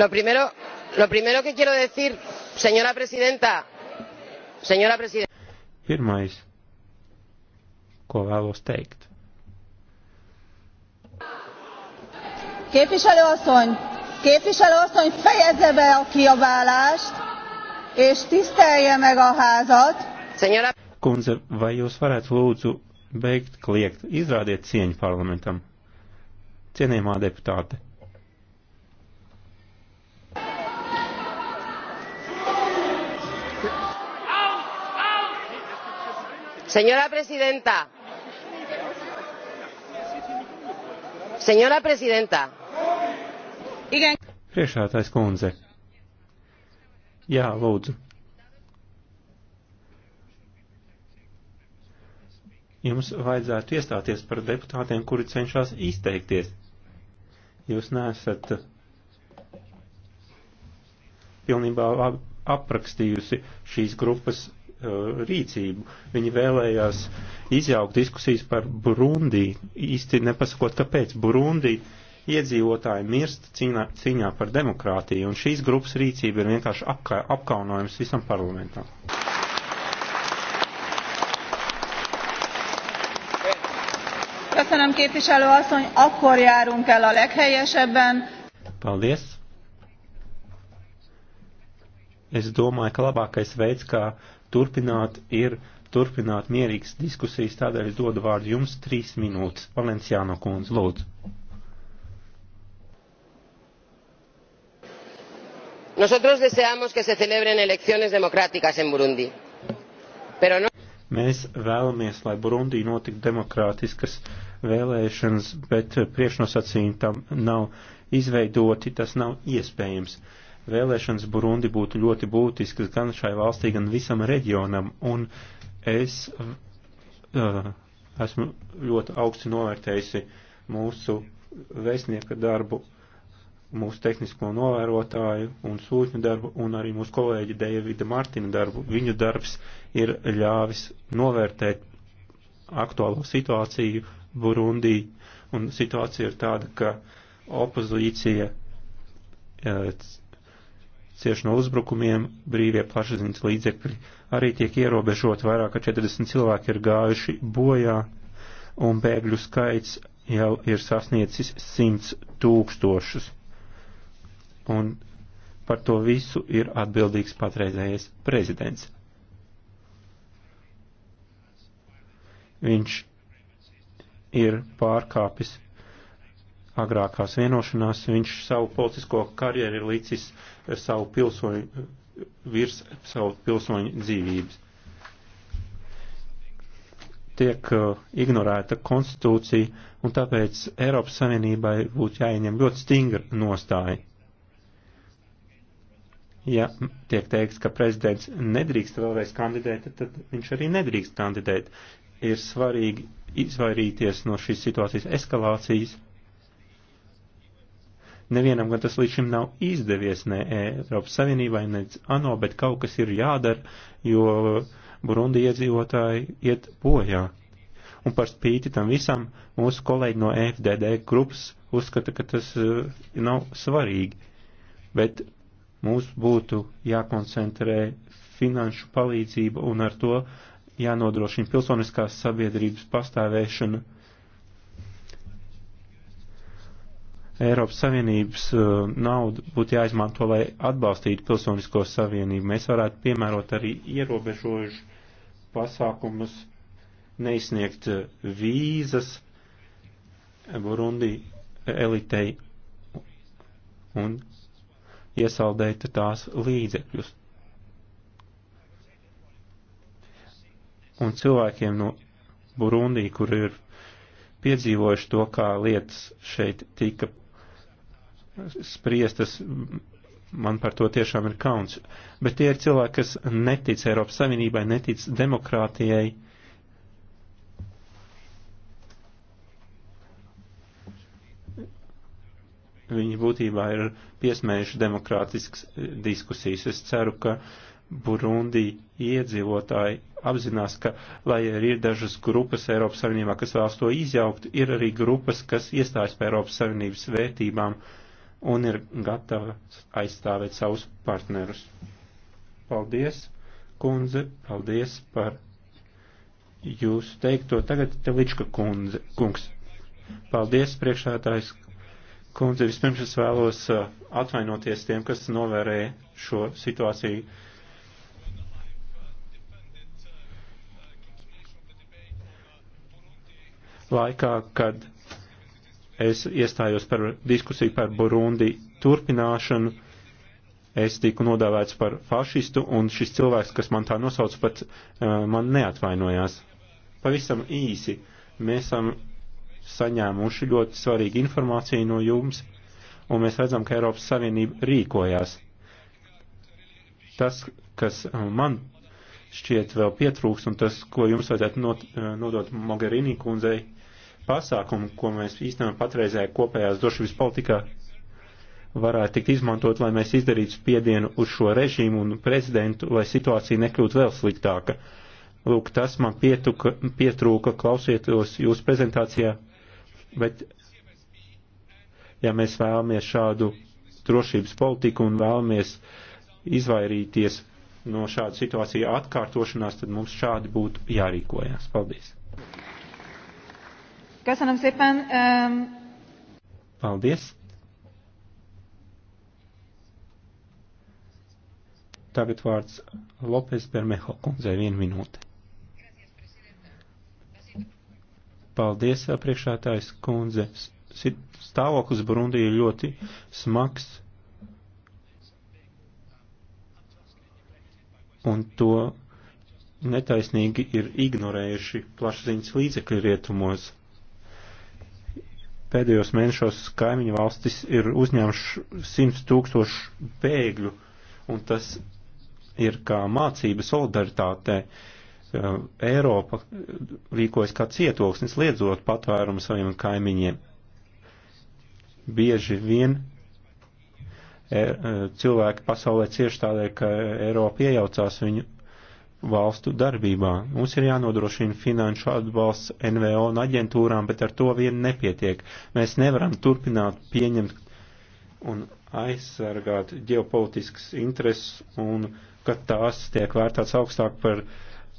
lo primero que quiero decir señora presidenta señora presidenta. Pirmais, ko vēlos teikt. Képviselő asszony, képviselő asszony fejezze be a kiabálást, és tisztelje meg a házat. Señora... Kundze, vai jūs varētu lūdzu beigt kliegt? Izrādiet cieņu parlamentam. Cienījumā deputāte. señora presidenta señora presidenta priekšsēdētājs kundze jā lūdzu jums vajadzētu iestāties par deputātiem kuri cenšas izteikties jūs neesat pilnībā ap aprakstījusi šīs grupas Uh, rīcību. Viņi vēlējās izjaukt diskusijas par Burundi, īsti nepasakot, kāpēc Burundi iedzīvotāji mirst cīnā, cīņā par demokrātiju, un šīs grupas rīcība ir vienkārši apka, apkaunojums visam parlamentam. Köszönöm képviselő asszony, akkor járunk el a leghelyesebben. Paldies! Es domāju, ka labākais veids, kā turpināt, ir turpināt mierīgas diskusijas, tādēļ es dodu vārdu jums trīs minūtes. Valenciāno kundze, lūdzu. Nosotros deseamos que se celebren elecciones democráticas en Burundi. Pero no... Mēs vēlamies, lai Burundī notik demokrātiskas vēlēšanas, bet priekšnosacījumi tam nav izveidoti, tas nav iespējams. Uh, Vēlēšanas Burundi būtu ļoti būtiskas gan šai valstī, gan visam reģionam, un es uh, esmu ļoti augsti novērtējusi mūsu vēstnieka darbu, mūsu tehnisko novērotāju un sūtņu darbu, un arī mūsu kolēģi Deivida Martina darbu. Viņu darbs ir ļāvis novērtēt aktuālo situāciju Burundī, un situācija ir tāda, ka opozīcija uh, cieš no uzbrukumiem, brīvie plašsaziņas līdzekļi arī tiek ierobežot, vairāk kā 40 cilvēki ir gājuši bojā, un bēgļu skaits jau ir sasniecis 100 tūkstošus. Un par to visu ir atbildīgs patreizējais prezidents. Viņš ir pārkāpis agrākās vienošanās, viņš savu politisko karjeru ir licis savu pilsoņu, virs savu pilsoņu dzīvības. Tiek uh, ignorēta konstitūcija, un tāpēc Eiropas Savienībai būtu jāieņem ļoti stingra nostāja. Ja tiek teikts, ka prezidents nedrīkst vēlreiz kandidēt, tad viņš arī nedrīkst kandidēt. Ir svarīgi izvairīties no šīs situācijas eskalācijas Nevienam gan tas līdz šim nav izdevies, ne Eiropas Savienībai, ne ANO, bet kaut kas ir jādara, jo Burundi iedzīvotāji iet bojā. Un par spīti tam visam mūsu kolēģi no FDD grupas uzskata, ka tas eh, nav svarīgi. Bet mums būtu jākoncentrē finanšu palīdzība un ar to jānodrošina pilsoniskās sabiedrības pastāvēšana Eiropas Savienības uh, naudu būtu jāizmanto, lai atbalstītu pilsonisko savienību. Mēs varētu piemērot arī ierobežojuši pasākumus, neizsniegt uh, vīzas Burundi elitei un iesaldēt tās līdzekļus. Un cilvēkiem no Burundī, kur ir piedzīvojuši to, kā lietas šeit tika spriestas, man par to tiešām ir kauns. Bet tie ir cilvēki, kas netic Eiropas Savienībai, netic demokrātijai. Viņi būtībā ir piesmējuši demokrātiskas eh, diskusijas. Es ceru, ka Burundi iedzīvotāji apzinās, ka, lai arī ir dažas grupas Eiropas Savienībā, kas vēlas to izjaukt, ir arī grupas, kas iestājas par Eiropas Savienības vērtībām. Uh, un ir gatavs aizstāvēt savus partnerus. Paldies, kundze, paldies par jūsu teikto. Tagad Telička kundze, kungs. Paldies, priekšētājs kundze. Vispirms es vēlos uh, atvainoties tiem, kas novērēja šo situāciju. Laikā, kad es iestājos par diskusiju par Burundi turpināšanu. Es tiku nodāvēts par fašistu, un šis cilvēks, kas man tā nosauca, pat uh, man neatvainojās. Pavisam īsi, mēs esam saņēmuši ļoti svarīgu informāciju no jums, un mēs redzam, ka Eiropas Savienība rīkojās. Tas, kas eh, man šķiet vēl pietrūks, un tas, ko jums vajadzētu not, eh, nodot Mogherini kundzei, uh, pasākumi, ko mēs īstenojam patreizējā kopējās drošības politikā, varētu tikt izmantot, lai mēs izdarītu spiedienu uz šo režīmu un prezidentu, lai situācija nekļūtu vēl sliktāka. Lūk, tas man pietuka, pietrūka klausietos jūsu prezentācijā, bet ja mēs vēlamies šādu drošības politiku un vēlamies izvairīties no šādu situāciju atkārtošanās, tad mums šādi būtu jārīkojas. Paldies! Köszönöm szépen. Um... Paldies. Tagad vārds Lopes Bermeho kundzei vienu minūti. Paldies, priekšētājs kundze. Stāvoklis Burundī ir ļoti smags. Un to netaisnīgi ir ignorējuši plašsaziņas līdzekļi rietumos. Pēdējos mēnešos kaimiņu valstis ir uzņēmuši 100 tūkstošu bēgļu, un tas ir kā mācība solidaritātē. Uh, Eiropa rīkojas kā cietoksnis, liedzot patvērumu saviem kaimiņiem. Bieži vien e, e, cilvēki pasaulē cieši tādēļ, ka Eiropa iejaucās viņu valstu darbībā. Mums ir jānodrošina finanšu atbalsts NVO un aģentūrām, bet ar to vien nepietiek. Mēs nevaram turpināt pieņemt un aizsargāt ģeopolitiskas intereses un kad tās tiek vērtāts augstāk par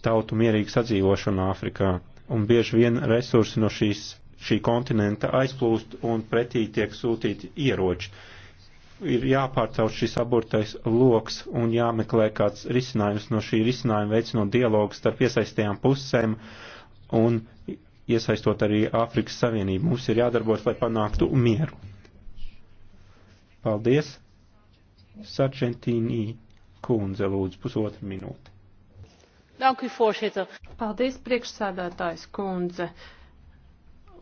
tautu mierīgu sadzīvošanu Āfrikā. Un bieži vien resursi no šīs, šī kontinenta aizplūst un pretī tiek sūtīti ieroči. Uh, ir jāpārtrauc šis aburtais loks un jāmeklē kāds risinājums no šī risinājuma, veicinot dialogu starp iesaistījām pusēm un iesaistot arī Āfrikas Savienību. Mums ir jādarbojas, lai panāktu mieru. Paldies! Sarčentīnī kundze lūdzu pusotru minūti. Danku, Paldies, priekšsēdētājs kundze.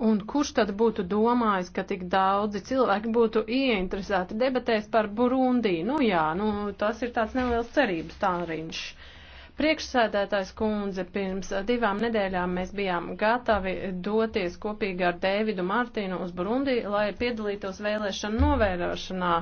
Un kurš tad būtu domājis, ka tik daudzi cilvēki būtu ieinteresēti debatēs par Burundī? Nu jā, nu, tas ir tāds neliels cerības tālriņš. Priekšsēdētājs kundze, pirms divām nedēļām mēs bijām gatavi doties kopīgi ar Dēvidu Martīnu uz Burundi, lai piedalītos vēlēšanu novērošanā.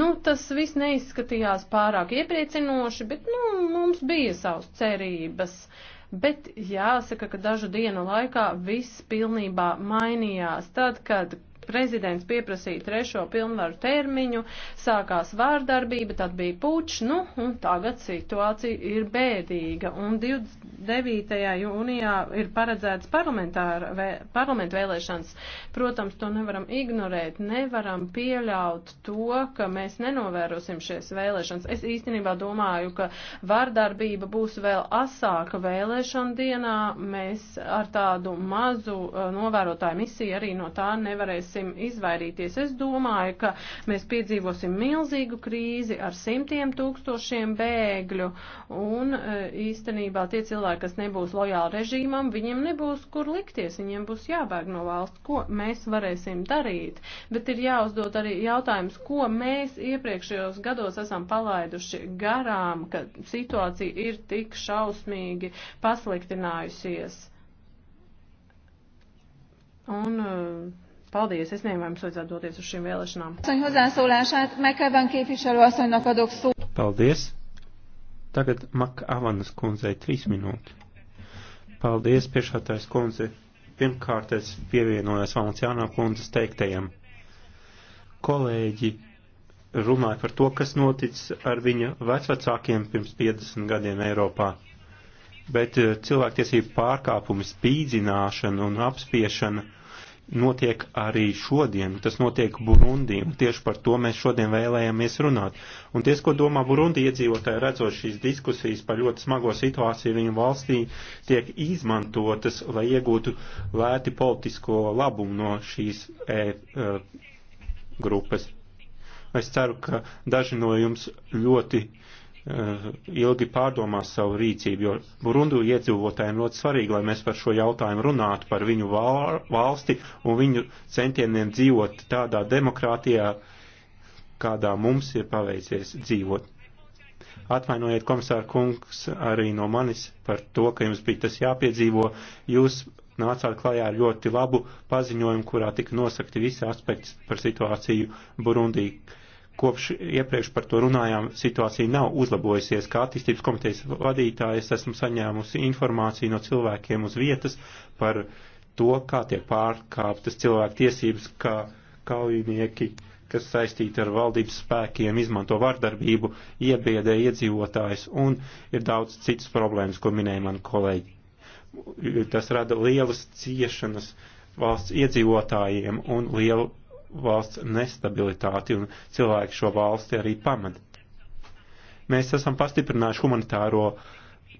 Nu, tas viss neizskatījās pārāk iepriecinoši, bet, nu, mums bija savas cerības. Uh, bet jāsaka, ka dažu dienu laikā viss pilnībā mainījās. Tad, kad prezidents pieprasīja trešo pilnvaru termiņu, sākās vārdarbība, tad bija pučs, nu, un tagad situācija ir bēdīga. Un 29. jūnijā ir paredzēts vē, parlamentu vēlēšanas. Protams, to nevaram ignorēt, nevaram pieļaut to, ka mēs nenovērosim šies vēlēšanas. Es īstenībā domāju, ka vārdarbība būs vēl asāka vēlēšana dienā. Mēs ar tādu mazu uh, novērotāju misiju arī no tā nevarēsim varēsim izvairīties. Es domāju, ka mēs piedzīvosim milzīgu krīzi ar simtiem tūkstošiem bēgļu un e, īstenībā tie cilvēki, kas nebūs lojāli režīmam, viņiem nebūs kur likties, viņiem būs jābēg no valsts, ko mēs varēsim darīt. Bet ir jāuzdod arī jautājums, ko mēs iepriekšējos gados esam palaiduši garām, ka situācija ir tik šausmīgi pasliktinājusies. Un e, Paldies, es nezinu, vai mums vajadzētu doties uz šīm vēlēšanām. Paldies. Tagad Makavanas kundzei trīs minūtes. Paldies, priekšētājs kundze. Pirmkārt, es pievienojos Valenciānā kundzes teiktajam. Kolēģi runāja par to, kas noticis ar viņa vecvecākiem pirms 50 gadiem Eiropā. Bet eh, cilvēktiesību pārkāpumi, spīdzināšana un apspiešana notiek arī šodien, tas notiek Burundī, un tieši par to mēs šodien vēlējāmies runāt. Un ties, ko domā Burundi iedzīvotāji, redzot šīs diskusijas par ļoti smago situāciju viņu valstī, tiek izmantotas, lai iegūtu lēti politisko labumu no šīs e, e, grupas. Es ceru, ka daži no jums ļoti Eh, ilgi pārdomās savu rīcību, jo Burundu iedzīvotājiem ļoti svarīgi, lai mēs par šo jautājumu runātu, par viņu valsti un viņu centieniem dzīvot tādā demokrātijā, kādā mums ir paveicies dzīvot. Atvainojiet, komisāra kungs, arī no manis par to, ka jums bija tas jāpiedzīvo. Jūs nācāt klajā ar ļoti labu paziņojumu, kurā tika nosakti visi aspekti par situāciju Burundī kopš iepriekš par to runājām, situācija nav uzlabojusies. Kā attīstības komitejas vadītājas esmu saņēmusi informāciju no cilvēkiem uz vietas par to, kā tiek pārkāptas cilvēku tiesības, kā kaujinieki, kas saistīti ar valdības spēkiem, izmanto vardarbību, iebiedē iedzīvotājs un ir daudz citas problēmas, ko minēja mani kolēģi. Tas rada lielas ciešanas valsts iedzīvotājiem un lielu valsts nestabilitāti un cilvēki šo valsti arī pamat. Mēs esam pastiprinājuši humanitāro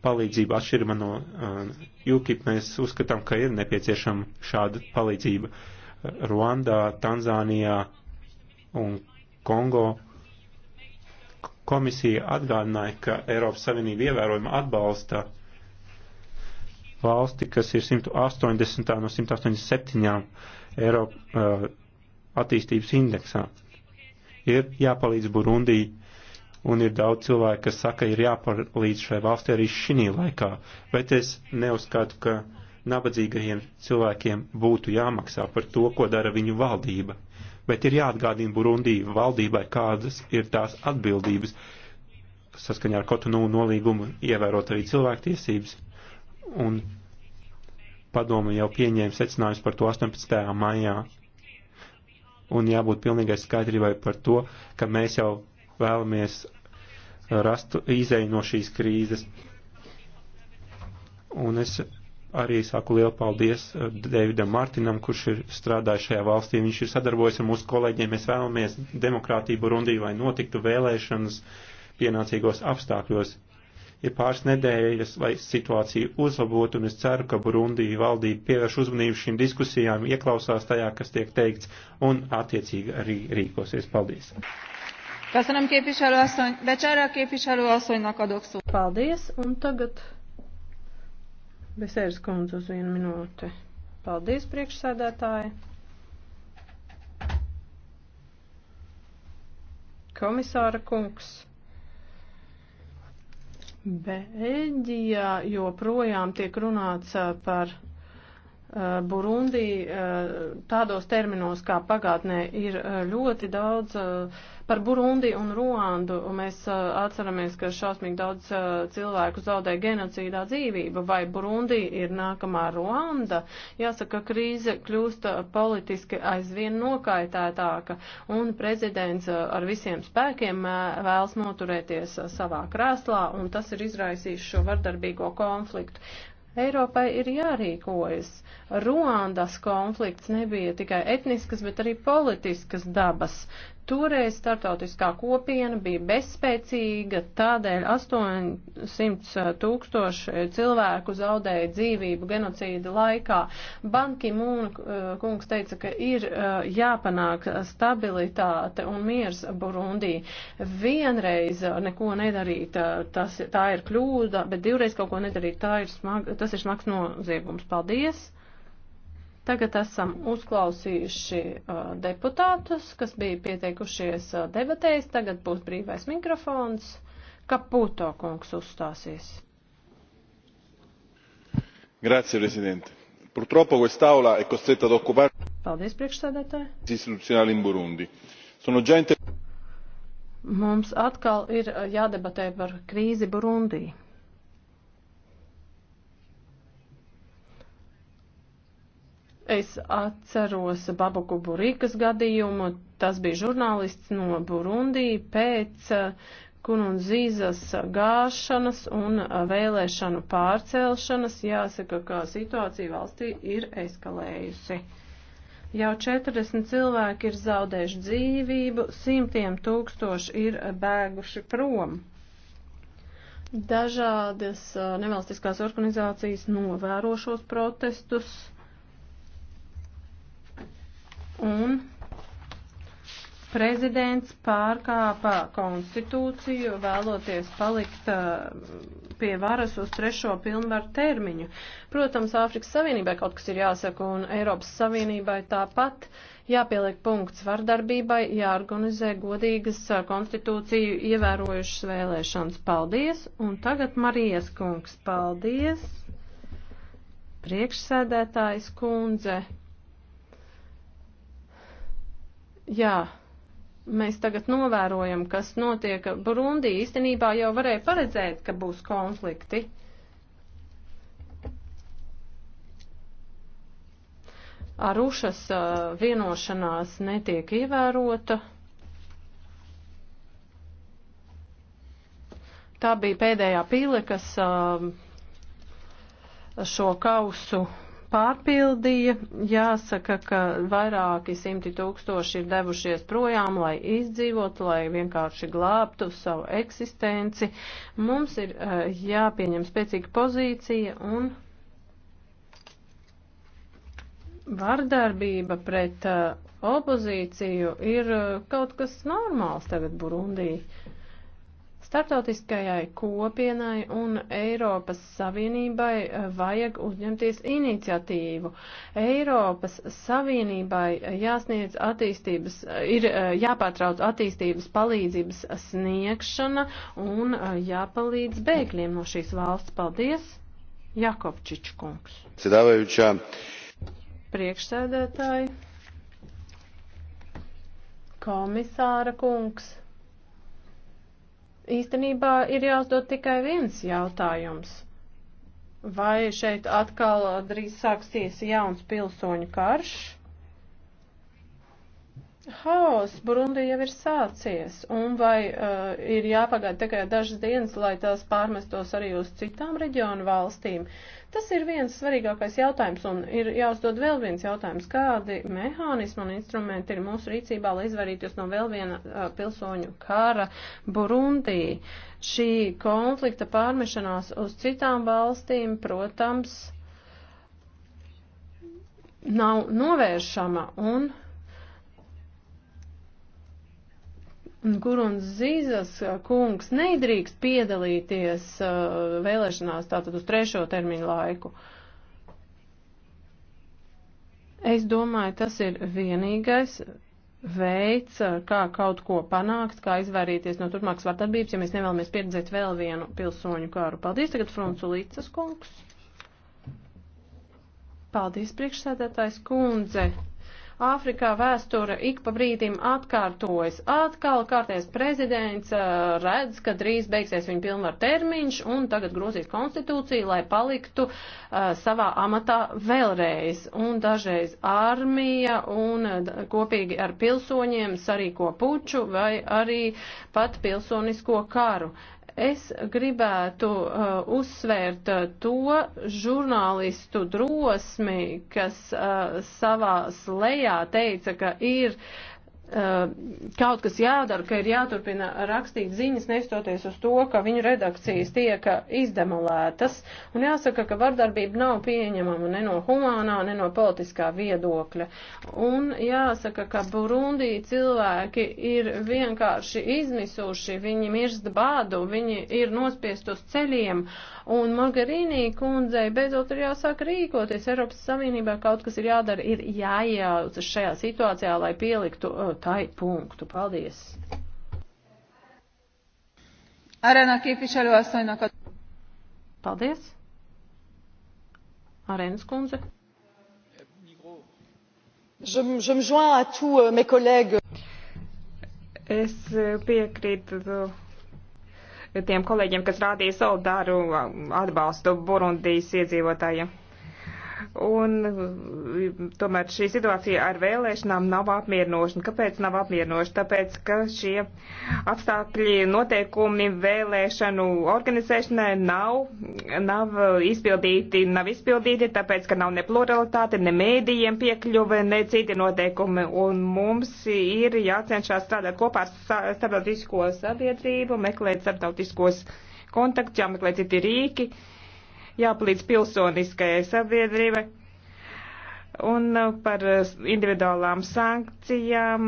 palīdzību atšķirībā no uh, UKIP. Mēs uzskatām, ka ir nepieciešama šāda palīdzība Ruandā, Tanzānijā un Kongo. Komisija atgādināja, ka Eiropas Savienība ievērojama atbalsta uh, valsti, kas ir 180 no 187 Eiropa, uh, attīstības indeksā. Ir jāpalīdz Burundī, un ir daudz cilvēku, kas saka, ir jāpalīdz šai valstī arī šī laikā, bet es neuzskatu, ka nabadzīgajiem cilvēkiem būtu jāmaksā par to, ko dara viņu valdība. Bet ir jāatgādina Burundī valdībai, kādas ir tās atbildības saskaņā ar Kotonu nolīgumu ievērot arī cilvēktiesības. Un padomu jau pieņēma secinājums par to 18. maijā un jābūt pilnīgai skaidrībai par to, ka mēs jau vēlamies rast izēju no šīs krīzes. Un es arī saku lielu paldies eh, Davidam Martinam, kurš ir strādājis šajā valstī. Viņš ir sadarbojies ar mūsu kolēģiem. Mēs vēlamies demokrātību rundī, lai notiktu vēlēšanas pienācīgos apstākļos ir pāris nedēļas, lai situācija uzlabotu, un es ceru, ka Burundija valdība pievērš uzmanību šīm diskusijām, ieklausās tajā, kas tiek teikts, un attiecīgi arī rīkosies. Paldies! Köszönöm képviselő asszony, Becsere képviselő asszonynak adok szót. Paldies, un tagad Beszeres kundze uz vienu minūti. Paldies, priekšsēdētāji. Komisāra kungs. Beļģijā joprojām tiek runāts par Eh, Burundī eh, tādos terminos kā pagātnē ir eh, ļoti daudz par Burundi un Ruandu. Mēs atceramies, ka šausmīgi daudz cilvēku zaudē genocīdā dzīvību, vai Burundi ir nākamā Ruanda. Jāsaka, krīze kļūst politiski aizvien nokaitētāka, un prezidents ar visiem spēkiem vēlas noturēties savā krēslā, un tas ir izraisījis šo vardarbīgo konfliktu. Eiropai ir jārīkojas. Ruandas konflikts nebija tikai etniskas, bet arī politiskas dabas. Toreiz startautiskā kopiena bija bezspēcīga, tādēļ 800 tūkstoši cilvēku zaudēja dzīvību genocīda laikā. Banki Mūna uh, kungs teica, ka ir uh, jāpanāk stabilitāte un miers Burundī. Vienreiz uh, neko nedarīt, tas, tā ir kļūda, bet divreiz kaut ko nedarīt, ir smag, tas ir smags noziegums. Paldies! Tagad esam uzklausījuši uh, deputātus, kas bija pieteikušies uh, debatēs. Tagad būs brīvais mikrofons. Kaputo kungs uzstāsies. Grazie, prezidente. Purtroppo quest'Aula è costretta ad occupare. Paldies, priekšsēdētāji. Istituzionali in Burundi. Sono già inter... Mums atkal ir jādebatē par krīzi Burundī. Es atceros Babaku Burīkas gadījumu. Tas bija žurnālists no Burundī pēc uh, Kununzīzas gāšanas un uh, vēlēšanu pārcelšanas. Jāsaka, ka situācija valstī ir eskalējusi. Jau 40 cilvēki ir zaudējuši dzīvību, simtiem tūkstoši ir bēguši prom. Dažādas uh, nevalstiskās organizācijas novēro šos protestus un prezidents pārkāpa konstitūciju, vēloties palikt uh, pie varas uz trešo pilnvaru termiņu. Protams, Āfrikas Savienībai kaut kas ir jāsaka, un Eiropas Savienībai tāpat jāpieliek punkts vardarbībai, jāorganizē godīgas uh, konstitūciju ievērojušas vēlēšanas. Paldies! Un tagad Marijas kungs, paldies! Priekšsēdētājs kundze. Jā, mēs tagad novērojam, kas notiek Burundī. Īstenībā jau varēja paredzēt, ka būs konflikti. Arušas uh, vienošanās netiek ievērota. Tā bija pēdējā pīle, kas uh, šo kausu pārpildīja. Jāsaka, ka vairāki simti tūkstoši ir devušies projām, lai izdzīvotu, lai vienkārši glābtu savu eksistenci. Mums ir eh, jāpieņem spēcīga pozīcija un vardarbība pret uh, opozīciju ir uh, kaut kas normāls tagad Burundī. Startautiskajai kopienai un Eiropas Savienībai eh, vajag uzņemties iniciatīvu. Eiropas Savienībai eh, jāsniedz attīstības, eh, ir jāpārtrauc attīstības palīdzības sniegšana un jāpalīdz bēgļiem no šīs valsts. Paldies! Jakovčič kungs. Sedāvajučā. Priekšsēdētāji. Komisāra kungs īstenībā ir jāuzdod tikai viens jautājums. Vai šeit atkal drīz sāksies jauns pilsoņu karš? haoss Burundi jau ir sācies, un vai uh, ir jāpagaida tikai dažas dienas, lai tās pārmestos arī uz citām reģionu valstīm? Tas ir viens svarīgākais jautājums, un ir jāuzdod vēl viens jautājums, kādi mehānismi un instrumenti ir mūsu rīcībā, lai izvarītos no vēl viena uh, pilsoņu kara Burundī. Šī konflikta pārmešanās uz citām valstīm, protams, nav novēršama un Guruns Zīzas uh, kungs nedrīkst piedalīties uh, vēlēšanās tātad uz trešo termiņu laiku. Es domāju, tas ir vienīgais veids, uh, kā kaut ko panākt, kā izvairīties no turpmākas vardarbības, ja mēs nevēlamies pieredzēt vēl vienu pilsoņu kāru. Paldies tagad Fruncu Līcas kungs. Paldies priekšsēdētājs kundze. Āfrikā vēsture ik pa brīdim atkārtojas. Atkal kārtais prezidents redz, ka drīz beigsies viņa pilnvar termiņš un tagad grūzīs konstitūciju, lai paliktu savā amatā vēlreiz. Un dažreiz armija un kopīgi ar pilsoņiem sarīko puču vai arī pat pilsonisko karu. Es gribētu uh, uzsvērt uh, to žurnālistu drosmi, kas uh, savā slējā teica, ka ir uh, Uh, kaut kas jādara, ka ir jāturpina rakstīt ziņas, nestoties uz to, ka viņu redakcijas tiek izdemolētas. Un jāsaka, ka vardarbība nav pieņemama ne no humānā, ne no politiskā viedokļa. Un jāsaka, ka Burundī cilvēki ir vienkārši izmisuši, viņi mirst bādu, viņi ir nospiest uz ceļiem. Un Margarīnī kundzei beidzot ir jāsāk rīkoties. Eiropas Savienībā kaut kas ir jādara, ir jāiejaucas šajā situācijā, lai pieliktu uh, tai punktu. Paldies! Arēnā képviselő asszonynak a... Paldies! Arēnas kundze. Je, je me joins à tous euh, mes collègues. Es euh, piekrītu euh, tiem kolēģiem, kas rādīja solidāru atbalstu Burundijas iedzīvotājiem. Un mm, tomēr šī situācija ar vēlēšanām nav apmierinoša. Kāpēc nav apmierinoša? Tāpēc, ka šie apstākļi, noteikumi vēlēšanu organizēšanai nav, nav izpildīti, nav izpildīti, tāpēc, ka nav ne pluralitāte, ne mēdījiem piekļuve, ne citi noteikumi. Un mums ir jācenšās strādāt kopā ar starptautisko sabiedrību, meklēt starptautiskos kontaktus, jāmeklē citi rīki jāpalīdz pilsoniskajai sabiedrībai. Un uh, par uh, individuālām sankcijām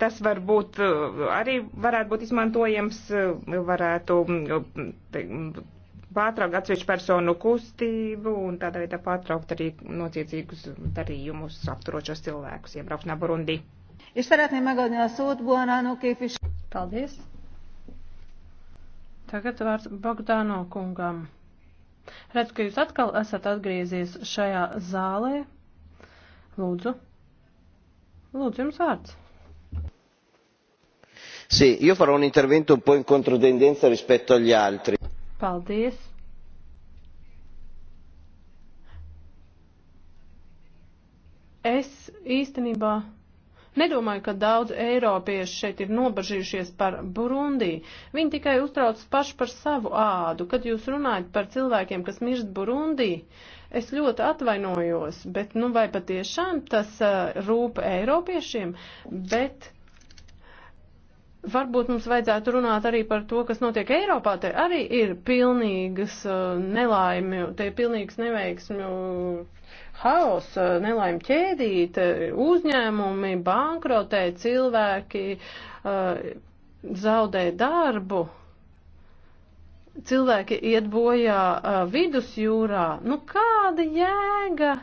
tas var būt uh, arī varētu būt izmantojams, varētu mm, mm, pārtraukt atsevišķu personu kustību un tādā veidā pārtraukt arī nociecīgus darījumus apturošos cilvēkus iebraukšanā Burundī. És szeretném megadni a szót Buonanno nu, képviselő. Paldies. Tagad vārds Bogdāno kungam. Redzu, ka jūs atkal esat atgriezies šajā zālē. Lūdzu. Lūdzu, jums vārds. Sì, io farò un intervento un po' in controtendenza rispetto agli altri. Paldies. Es īstenībā Nedomāju, ka daudz eiropieši šeit ir nobažījušies par Burundī. Viņi tikai uztrauc paši par savu ādu. Kad jūs runājat par cilvēkiem, kas mirst Burundī, es ļoti atvainojos, bet nu vai patiešām tas uh, rūp eiropiešiem, bet Varbūt mums vajadzētu runāt arī par to, kas notiek Eiropā. Te arī ir pilnīgas uh, nelaimju, te ir pilnīgas neveiksmju haos, uh, nelaimju ķēdīte, uh, uzņēmumi bankrotē, cilvēki zaudē darbu, cilvēki iet bojā vidusjūrā. Nu kāda jēga?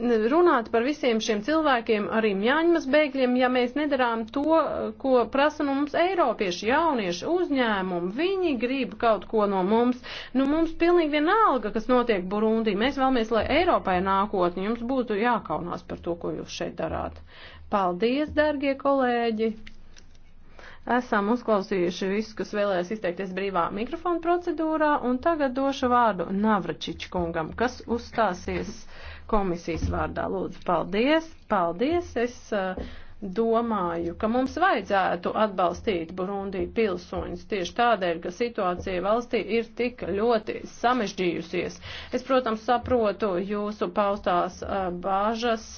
runāt par visiem šiem cilvēkiem, arī mjāņmas bēgļiem, ja mēs nedarām to, ko prasa no nu mums eiropieši, jaunieši, uzņēmumi. Viņi grib kaut ko no mums. Nu, mums pilnīgi vienalga, kas notiek Burundī. Mēs vēlamies, lai Eiropai nākotni jums būtu jākaunās par to, ko jūs šeit darāt. Paldies, dārgie kolēģi! Esam uzklausījuši visus, kas vēlējās izteikties brīvā mikrofona procedūrā, un tagad došu vārdu Navračičkungam, kas uzstāsies komisijas vārdā. Lūdzu, paldies, paldies. Es uh, domāju, ka mums vajadzētu atbalstīt Burundī pilsoņus tieši tādēļ, ka situācija valstī ir tik ļoti samežģījusies. Es, protams, saprotu jūsu paustās uh, bāžas.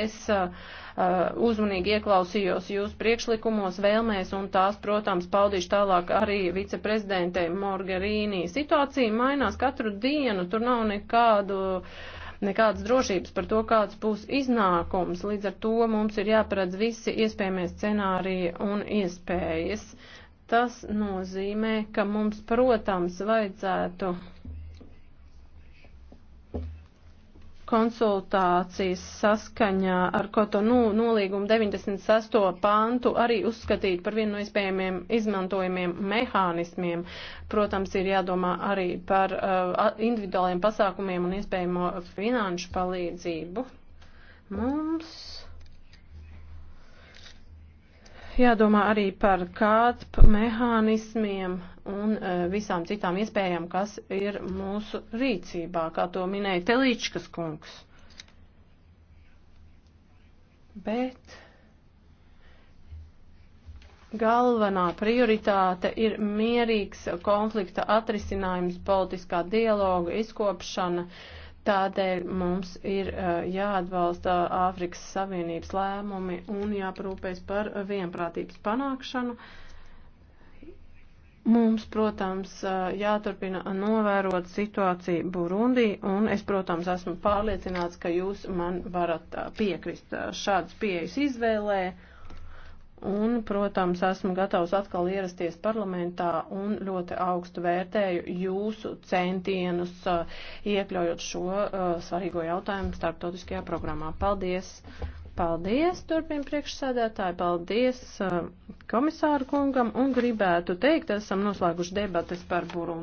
Es, uh, uh uzmanīgi ieklausījos jūsu priekšlikumos, vēlmēs un tās, protams, paudīšu tālāk arī viceprezidentei Morgarīnī. Situācija mainās katru dienu, tur nav nekādu nekādas drošības par to, kāds būs iznākums. Līdz ar to mums ir jāparedz visi iespējamie scenāriji un iespējas. Tas nozīmē, ka mums, protams, vajadzētu konsultācijas saskaņā ar Kotonu nolīgumu 98. pantu arī uzskatīt par vienu no iespējamiem izmantojumiem mehānismiem. Protams, ir jādomā arī par uh, individuāliem pasākumiem un iespējamo finanšu palīdzību. Mums jādomā arī par kāp mehānismiem un e, visām citām iespējām, kas ir mūsu rīcībā, kā to minēja Telīčkas kungs. Bet galvenā prioritāte ir mierīgs konflikta atrisinājums, politiskā dialoga izkopšana. Uh, Tādēļ mums ir jāatbalsta Āfrikas Savienības lēmumi un jāprūpēs par vienprātības panākšanu. Mums, protams, jāturpina novērot situāciju Burundī, un es, protams, esmu pārliecināts, ka jūs man varat piekrist šādas pieejas izvēlē. Un, protams, esmu gatavs atkal ierasties parlamentā un ļoti augstu vērtēju jūsu centienus eh, iekļaujot šo eh, svarīgo jautājumu starptautiskajā programmā. Paldies! Paldies, turpina priekšsēdētāji, paldies eh, komisāru kungam un gribētu teikt, esam noslēguši debates par Burundi.